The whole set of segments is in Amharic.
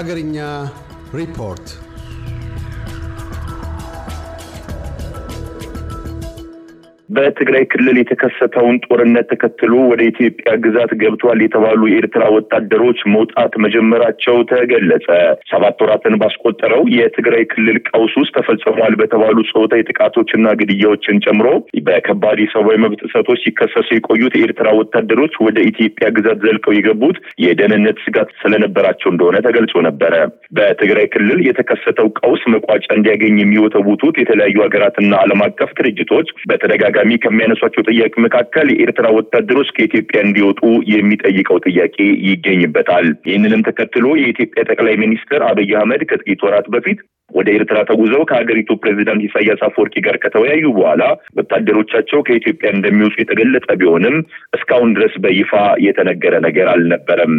Hagarinya Report በትግራይ ክልል የተከሰተውን ጦርነት ተከትሎ ወደ ኢትዮጵያ ግዛት ገብቷል የተባሉ የኤርትራ ወታደሮች መውጣት መጀመራቸው ተገለጸ። ሰባት ወራትን ባስቆጠረው የትግራይ ክልል ቀውስ ውስጥ ተፈጽሟል በተባሉ ጾታዊ ጥቃቶችና ግድያዎችን ጨምሮ በከባድ የሰብአዊ መብት ጥሰቶች ሲከሰሱ የቆዩት የኤርትራ ወታደሮች ወደ ኢትዮጵያ ግዛት ዘልቀው የገቡት የደህንነት ስጋት ስለነበራቸው እንደሆነ ተገልጾ ነበረ። በትግራይ ክልል የተከሰተው ቀውስ መቋጫ እንዲያገኝ የሚወተውቱት የተለያዩ ሀገራትና ዓለም አቀፍ ድርጅቶች በተደጋጋ በተደጋጋሚ ከሚያነሷቸው ጥያቄ መካከል የኤርትራ ወታደሮች ከኢትዮጵያ እንዲወጡ የሚጠይቀው ጥያቄ ይገኝበታል። ይህንንም ተከትሎ የኢትዮጵያ ጠቅላይ ሚኒስትር አብይ አህመድ ከጥቂት ወራት በፊት ወደ ኤርትራ ተጉዘው ከሀገሪቱ ፕሬዚዳንት ኢሳያስ አፈወርቂ ጋር ከተወያዩ በኋላ ወታደሮቻቸው ከኢትዮጵያ እንደሚወጡ የተገለጠ ቢሆንም እስካሁን ድረስ በይፋ የተነገረ ነገር አልነበረም።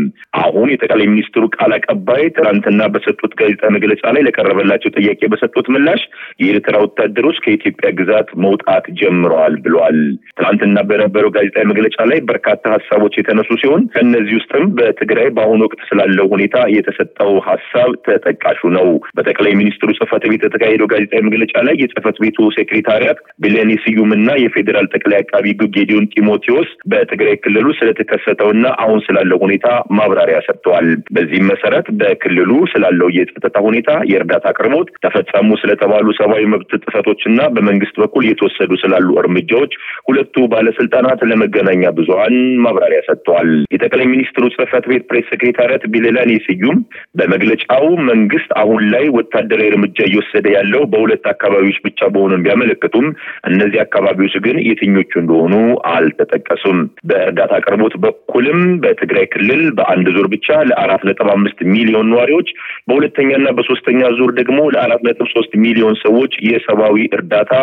አሁን የጠቅላይ ሚኒስትሩ ቃል አቀባይ ትናንትና በሰጡት ጋዜጣ መግለጫ ላይ ለቀረበላቸው ጥያቄ በሰጡት ምላሽ የኤርትራ ወታደሮች ከኢትዮጵያ ግዛት መውጣት ጀምረዋል ብሏል። ትናንትና በነበረው ጋዜጣዊ መግለጫ ላይ በርካታ ሀሳቦች የተነሱ ሲሆን ከእነዚህ ውስጥም በትግራይ በአሁኑ ወቅት ስላለው ሁኔታ የተሰጠው ሀሳብ ተጠቃሹ ነው። በጠቅላይ ሚኒስ ሚኒስትሩ ጽህፈት ቤት የተካሄደው ጋዜጣዊ መግለጫ ላይ የጽህፈት ቤቱ ሴክሬታሪያት ቢለኔ ስዩም እና የፌዴራል ጠቅላይ አቃቢ ሕግ ጌዲዮን ጢሞቴዎስ በትግራይ ክልሉ ስለተከሰተውና አሁን ስላለው ሁኔታ ማብራሪያ ሰጥተዋል። በዚህም መሰረት በክልሉ ስላለው የጸጥታ ሁኔታ፣ የእርዳታ አቅርቦት፣ ተፈጸሙ ስለተባሉ ሰብአዊ መብት ጥሰቶችና በመንግስት በኩል የተወሰዱ ስላሉ እርምጃዎች ሁለቱ ባለስልጣናት ለመገናኛ ብዙሀን ማብራሪያ ሰጥተዋል። የጠቅላይ ሚኒስትሩ ጽህፈት ቤት ፕሬስ ሴክሬታሪያት ቢለኔ ስዩም በመግለጫው መንግስት አሁን ላይ ወታደራዊ እርምጃ እየወሰደ ያለው በሁለት አካባቢዎች ብቻ መሆኑን ቢያመለክቱም እነዚህ አካባቢዎች ግን የትኞቹ እንደሆኑ አልተጠቀሱም። በእርዳታ አቅርቦት በኩልም በትግራይ ክልል በአንድ ዙር ብቻ ለአራት ነጥብ አምስት ሚሊዮን ነዋሪዎች በሁለተኛና በሶስተኛ ዙር ደግሞ ለአራት ነጥብ ሶስት ሚሊዮን ሰዎች የሰብአዊ እርዳታ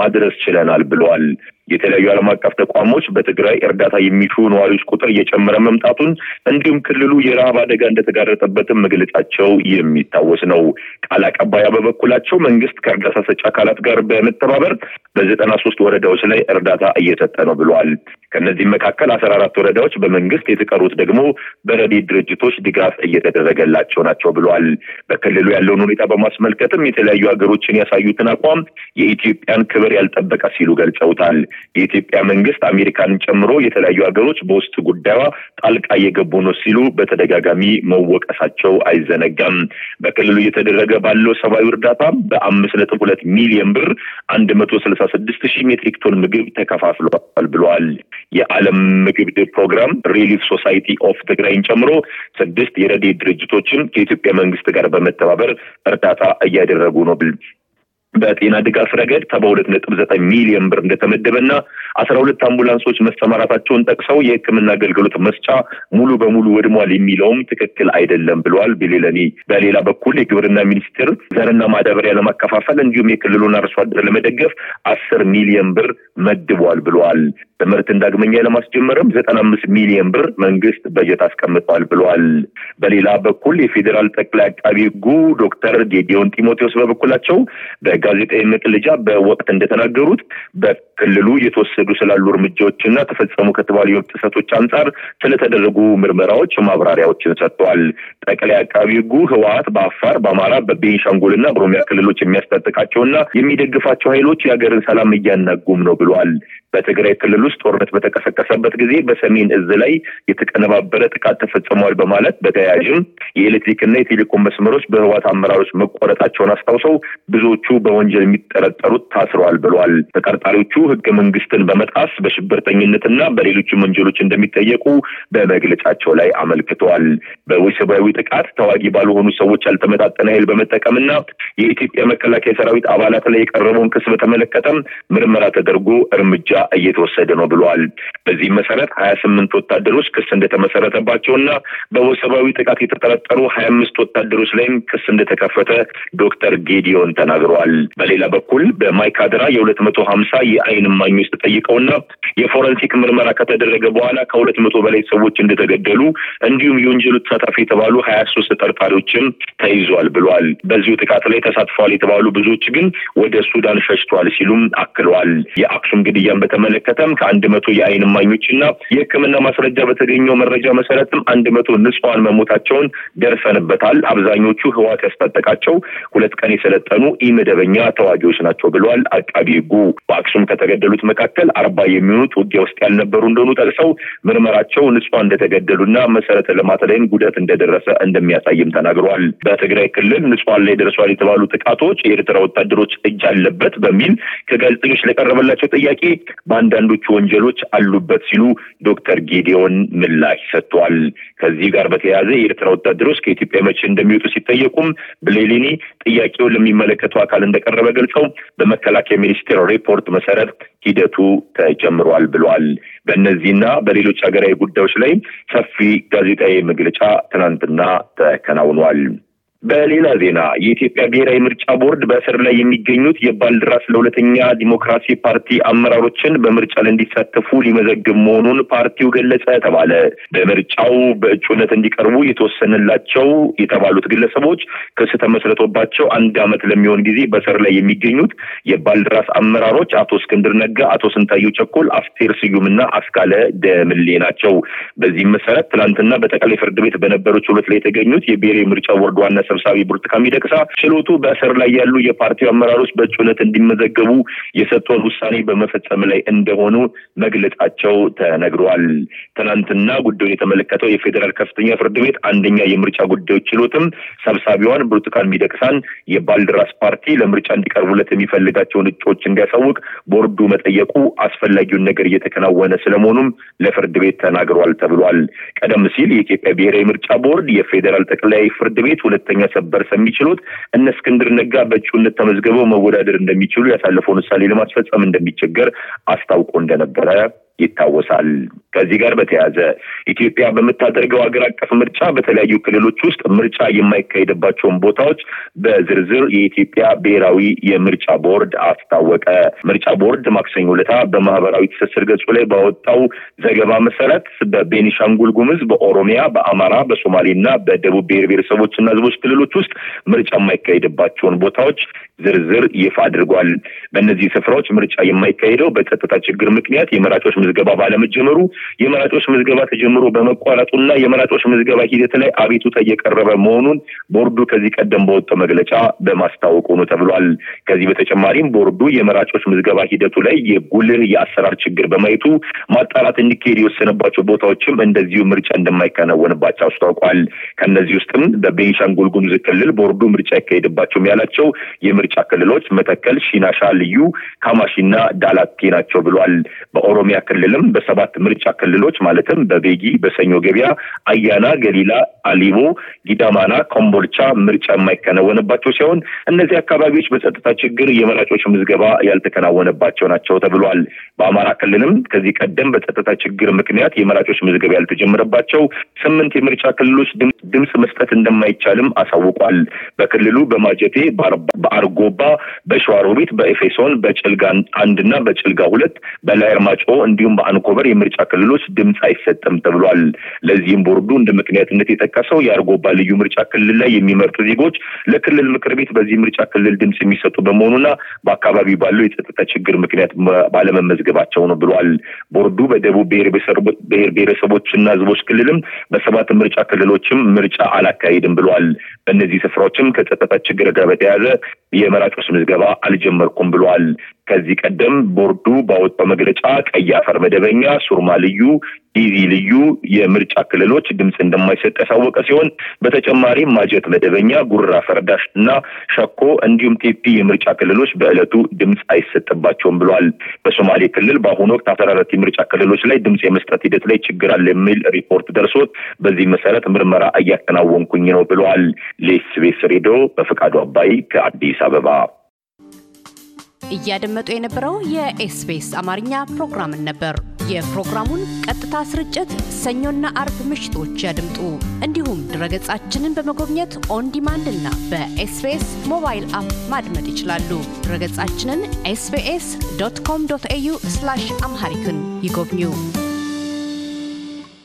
ማድረስ ችለናል ብለዋል። የተለያዩ ዓለም አቀፍ ተቋሞች በትግራይ እርዳታ የሚሹ ነዋሪዎች ቁጥር እየጨመረ መምጣቱን እንዲሁም ክልሉ የረሃብ አደጋ እንደተጋረጠበትም መግለጫቸው የሚታወስ ነው። ቃል አቀባያ በበኩላቸው መንግስት ከእርዳታ ሰጪ አካላት ጋር በመተባበር በዘጠና ሶስት ወረዳዎች ላይ እርዳታ እየሰጠ ነው ብለዋል። ከእነዚህም መካከል አስራ አራት ወረዳዎች በመንግስት የተቀሩት ደግሞ በረድኤት ድርጅቶች ድጋፍ እየተደረገላቸው ናቸው ብለዋል። በክልሉ ያለውን ሁኔታ በማስመልከትም የተለያዩ ሀገሮችን ያሳዩትን አቋም የኢትዮጵያን ክብር ያልጠበቀ ሲሉ ገልጸውታል። የኢትዮጵያ መንግስት አሜሪካንን ጨምሮ የተለያዩ ሀገሮች በውስጥ ጉዳዩ ጣልቃ እየገቡ ነው ሲሉ በተደጋጋሚ መወቀሳቸው አይዘነጋም። በክልሉ እየተደረገ ባለው ሰብአዊ እርዳታ በአምስት ነጥብ ሁለት ሚሊዮን ብር አንድ መቶ ስልሳ ስድስት ሺህ ሜትሪክ ቶን ምግብ ተከፋፍሏል ብለዋል። የዓለም ምግብ ፕሮግራም ሪሊፍ ሶሳይቲ ኦፍ ትግራይን ጨምሮ ስድስት የረድኤት ድርጅቶችም ከኢትዮጵያ መንግስት ጋር በመተባበር እርዳታ እያደረጉ ነው ብል በጤና ድጋፍ ረገድ ሰባ ሁለት ነጥብ ዘጠኝ ሚሊዮን ብር እንደተመደበና አስራ ሁለት አምቡላንሶች መሰማራታቸውን ጠቅሰው የህክምና አገልግሎት መስጫ ሙሉ በሙሉ ወድሟል የሚለውም ትክክል አይደለም ብለዋል ቢሌለኒ። በሌላ በኩል የግብርና ሚኒስቴር ዘርና ማዳበሪያ ለማከፋፈል እንዲሁም የክልሉን አርሶ አደር ለመደገፍ አስር ሚሊዮን ብር መድቧል ብለዋል። ትምህርትን ዳግመኛ ለማስጀመርም ዘጠና አምስት ሚሊዮን ብር መንግስት በጀት አስቀምጧል ብለዋል። በሌላ በኩል የፌዴራል ጠቅላይ አቃቢ ህጉ ዶክተር ጌዲዮን ጢሞቴዎስ በበኩላቸው በጋዜጣዊ መግለጫ በወቅት እንደተናገሩት ክልሉ እየተወሰዱ ስላሉ እርምጃዎችና ተፈጸሙ ከተባሉ የመብት ጥሰቶች አንጻር ስለተደረጉ ምርመራዎች ማብራሪያዎችን ሰጥተዋል። ጠቅላይ አቃቢ ህጉ ህወሀት በአፋር፣ በአማራ፣ በቤንሻንጉልና በኦሮሚያ ክልሎች የሚያስታጥቃቸውና የሚደግፋቸው ኃይሎች የሀገርን ሰላም እያናጉም ነው ብለዋል። በትግራይ ክልል ውስጥ ጦርነት በተቀሰቀሰበት ጊዜ በሰሜን እዝ ላይ የተቀነባበረ ጥቃት ተፈጽሟል በማለት በተያያዥም የኤሌክትሪክና የቴሌኮም መስመሮች በህዋት አመራሮች መቆረጣቸውን አስታውሰው ብዙዎቹ በወንጀል የሚጠረጠሩት ታስረዋል ብለዋል። ተጠርጣሪዎቹ ህገ መንግስትን በመጣስ በሽብርተኝነትና በሌሎችም ወንጀሎች እንደሚጠየቁ በመግለጫቸው ላይ አመልክተዋል። በወሲባዊ ጥቃት ተዋጊ ባልሆኑ ሰዎች ያልተመጣጠነ ኃይል በመጠቀምና የኢትዮጵያ መከላከያ ሰራዊት አባላት ላይ የቀረበውን ክስ በተመለከተም ምርመራ ተደርጎ እርምጃ እየተወሰደ ነው ብለዋል። በዚህም መሰረት ሀያ ስምንት ወታደሮች ክስ እንደተመሰረተባቸውና በወሰባዊ ጥቃት የተጠረጠሩ ሀያ አምስት ወታደሮች ላይም ክስ እንደተከፈተ ዶክተር ጌዲዮን ተናግረዋል። በሌላ በኩል በማይካድራ የሁለት መቶ ሀምሳ የአይን እማኞች ተጠይቀውና የፎረንሲክ ምርመራ ከተደረገ በኋላ ከሁለት መቶ በላይ ሰዎች እንደተገደሉ እንዲሁም የወንጀሉ ተሳታፊ የተባሉ ሀያ ሶስት ተጠርጣሪዎችም ተይዟል ብሏል። በዚሁ ጥቃት ላይ ተሳትፈዋል የተባሉ ብዙዎች ግን ወደ ሱዳን ሸሽተዋል ሲሉም አክለዋል። የአክሱም ግድያን በተመለከተም ከአንድ መቶ የአይን እማኞች እና የህክምና ማስረጃ በተገኘው መረጃ መሰረትም አንድ መቶ ንጹሐን መሞታቸውን ደርሰንበታል። አብዛኞቹ ህዋት ያስታጠቃቸው ሁለት ቀን የሰለጠኑ ኢመደበኛ ተዋጊዎች ናቸው ብለዋል አቃቢ ህጉ። በአክሱም ከተገደሉት መካከል አርባ የሚሆኑት ውጊያ ውስጥ ያልነበሩ እንደሆኑ ጠቅሰው ምርመራቸው ንጹሐን እንደተገደሉና መሰረተ ልማት ላይም ጉዳት እንደደረሰ እንደሚያሳይም ተናግረዋል። በትግራይ ክልል ንጹሐን ላይ ደርሷል የተባሉ ጥቃቶች የኤርትራ ወታደሮች እጅ አለበት በሚል ከጋዜጠኞች ለቀረበላቸው ጥያቄ በአንዳንዶቹ ወንጀሎች አሉበት ሲሉ ዶክተር ጌዲዮን ምላሽ ሰጥቷል። ከዚህ ጋር በተያያዘ የኤርትራ ወታደሮች ከኢትዮጵያ መቼ እንደሚወጡ ሲጠየቁም ብሌሊኒ ጥያቄውን ለሚመለከተው አካል እንደቀረበ ገልጸው በመከላከያ ሚኒስቴር ሪፖርት መሰረት ሂደቱ ተጀምሯል ብሏል። በእነዚህና በሌሎች ሀገራዊ ጉዳዮች ላይ ሰፊ ጋዜጣዊ መግለጫ ትናንትና ተከናውኗል። በሌላ ዜና የኢትዮጵያ ብሔራዊ ምርጫ ቦርድ በእስር ላይ የሚገኙት የባልድራስ ለሁለተኛ ዲሞክራሲ ፓርቲ አመራሮችን በምርጫ ላይ እንዲሳተፉ ሊመዘግብ መሆኑን ፓርቲው ገለጸ ተባለ። በምርጫው በእጩነት እንዲቀርቡ የተወሰነላቸው የተባሉት ግለሰቦች ክስ ተመስርቶባቸው አንድ ዓመት ለሚሆን ጊዜ በእስር ላይ የሚገኙት የባልድራስ አመራሮች አቶ እስክንድር ነጋ፣ አቶ ስንታየው ቸኮል፣ አስቴር ስዩምና አስካለ ደምሌ ናቸው። በዚህም መሰረት ትናንትና በጠቅላይ ፍርድ ቤት በነበረው ችሎት ላይ የተገኙት የብሔራዊ ምርጫ ቦርድ ዋና ሰብሳቢ ብርቱካን ሚደቅሳ ችሎቱ በእስር ላይ ያሉ የፓርቲው አመራሮች በእጩነት እንዲመዘገቡ የሰጡን ውሳኔ በመፈጸም ላይ እንደሆኑ መግለጻቸው ተነግሯል። ትናንትና ጉዳዩን የተመለከተው የፌዴራል ከፍተኛ ፍርድ ቤት አንደኛ የምርጫ ጉዳዮች ችሎትም ሰብሳቢዋን ብርቱካን ሚደቅሳን የባልደራስ ፓርቲ ለምርጫ እንዲቀርቡለት የሚፈልጋቸውን እጩዎች እንዲያሳውቅ ቦርዱ መጠየቁ አስፈላጊውን ነገር እየተከናወነ ስለመሆኑም ለፍርድ ቤት ተናግሯል ተብሏል። ቀደም ሲል የኢትዮጵያ ብሔራዊ ምርጫ ቦርድ የፌዴራል ጠቅላይ ፍርድ ቤት ሁለተኛ መሰበር ስለሚችሉት እነ እስክንድር ነጋ በእጩነት ተመዝግበው መወዳደር እንደሚችሉ ያሳለፈውን ውሳኔ ለማስፈጸም እንደሚቸገር አስታውቆ እንደነበረ ይታወሳል። ከዚህ ጋር በተያያዘ ኢትዮጵያ በምታደርገው ሀገር አቀፍ ምርጫ በተለያዩ ክልሎች ውስጥ ምርጫ የማይካሄድባቸውን ቦታዎች በዝርዝር የኢትዮጵያ ብሔራዊ የምርጫ ቦርድ አስታወቀ። ምርጫ ቦርድ ማክሰኞ ዕለት በማህበራዊ ትስስር ገጹ ላይ ባወጣው ዘገባ መሰረት በቤኒሻንጉል ጉምዝ፣ በኦሮሚያ፣ በአማራ፣ በሶማሌና በደቡብ ብሔር ብሔረሰቦችና ህዝቦች ክልሎች ውስጥ ምርጫ የማይካሄድባቸውን ቦታዎች ዝርዝር ይፋ አድርጓል። በእነዚህ ስፍራዎች ምርጫ የማይካሄደው በጸጥታ ችግር ምክንያት የመራጮች ምዝገባ ባለመጀመሩ የመራጮች ምዝገባ ተጀምሮ በመቋረጡና የመራጮች ምዝገባ ሂደት ላይ አቤቱታ እየቀረበ መሆኑን ቦርዱ ከዚህ ቀደም በወጣው መግለጫ በማስታወቁ ነው ተብሏል። ከዚህ በተጨማሪም ቦርዱ የመራጮች ምዝገባ ሂደቱ ላይ የጉልህ የአሰራር ችግር በማየቱ ማጣራት እንዲካሄድ የወሰነባቸው ቦታዎችም እንደዚሁ ምርጫ እንደማይከናወንባቸው አስታውቋል። ከእነዚህ ውስጥም በቤንሻንጉል ጉሙዝ ክልል ቦርዱ ምርጫ ይካሄድባቸውም ያላቸው የምርጫ ክልሎች መተከል፣ ሺናሻ ልዩ፣ ካማሺና ዳላቴ ናቸው ብሏል። በኦሮሚያ ክልልም በሰባት ምርጫ ክልሎች ማለትም በቤጊ፣ በሰኞ ገበያ፣ አያና፣ ገሊላ፣ አሊቦ፣ ጊዳማና ኮምቦልቻ ምርጫ የማይከናወንባቸው ሲሆን እነዚህ አካባቢዎች በጸጥታ ችግር የመራጮች ምዝገባ ያልተከናወነባቸው ናቸው ተብሏል። በአማራ ክልልም ከዚህ ቀደም በጸጥታ ችግር ምክንያት የመራጮች ምዝገባ ያልተጀመረባቸው ስምንት የምርጫ ክልሎች ድምፅ መስጠት እንደማይቻልም አሳውቋል። በክልሉ በማጀቴ፣ በአርጎባ፣ በሸዋሮቢት፣ በኤፌሶን፣ በጭልጋ አንድና በጭልጋ ሁለት፣ በላይርማጮ እንዲ እንዲሁም በአንኮበር የምርጫ ክልሎች ድምፅ አይሰጥም ተብሏል። ለዚህም ቦርዱ እንደ ምክንያትነት የጠቀሰው የአርጎባ ልዩ ምርጫ ክልል ላይ የሚመርጡ ዜጎች ለክልል ምክር ቤት በዚህ ምርጫ ክልል ድምፅ የሚሰጡ በመሆኑና በአካባቢው ባለው የጸጥታ ችግር ምክንያት ባለመመዝገባቸው ነው ብሏል። ቦርዱ በደቡብ ብሔር ብሔረሰቦችና ህዝቦች ክልልም በሰባት ምርጫ ክልሎችም ምርጫ አላካሄድም ብሏል። በእነዚህ ስፍራዎችም ከጸጥታ ችግር ጋር በተያያዘ የመራጮች ምዝገባ አልጀመርኩም ብሏል። ከዚህ ቀደም ቦርዱ ባወጣው መግለጫ ቀይ አፈር መደበኛ፣ ሱርማ ልዩ፣ ዲቪ ልዩ የምርጫ ክልሎች ድምፅ እንደማይሰጥ ያሳወቀ ሲሆን በተጨማሪም ማጀት መደበኛ፣ ጉራ ፈርዳሽ እና ሸኮ እንዲሁም ቴፒ የምርጫ ክልሎች በዕለቱ ድምፅ አይሰጥባቸውም ብሏል። በሶማሌ ክልል በአሁኑ ወቅት አስራ አራት የምርጫ ክልሎች ላይ ድምፅ የመስጠት ሂደት ላይ ችግር አለ የሚል ሪፖርት ደርሶት በዚህ መሰረት ምርመራ እያከናወንኩኝ ነው ብለዋል። ለኤስቤስ ሬዲዮ በፈቃዱ አባይ ከአዲስ አበባ እያደመጡ የነበረው የኤስቢኤስ አማርኛ ፕሮግራምን ነበር። የፕሮግራሙን ቀጥታ ስርጭት ሰኞና አርብ ምሽቶች ያድምጡ። እንዲሁም ድረገጻችንን በመጎብኘት ኦን ዲማንድ እና በኤስቢኤስ ሞባይል አፕ ማድመጥ ይችላሉ። ድረገጻችንን ኤስቢኤስ ዶት ኮም ዶት ኤዩ አምሃሪክን ይጎብኙ።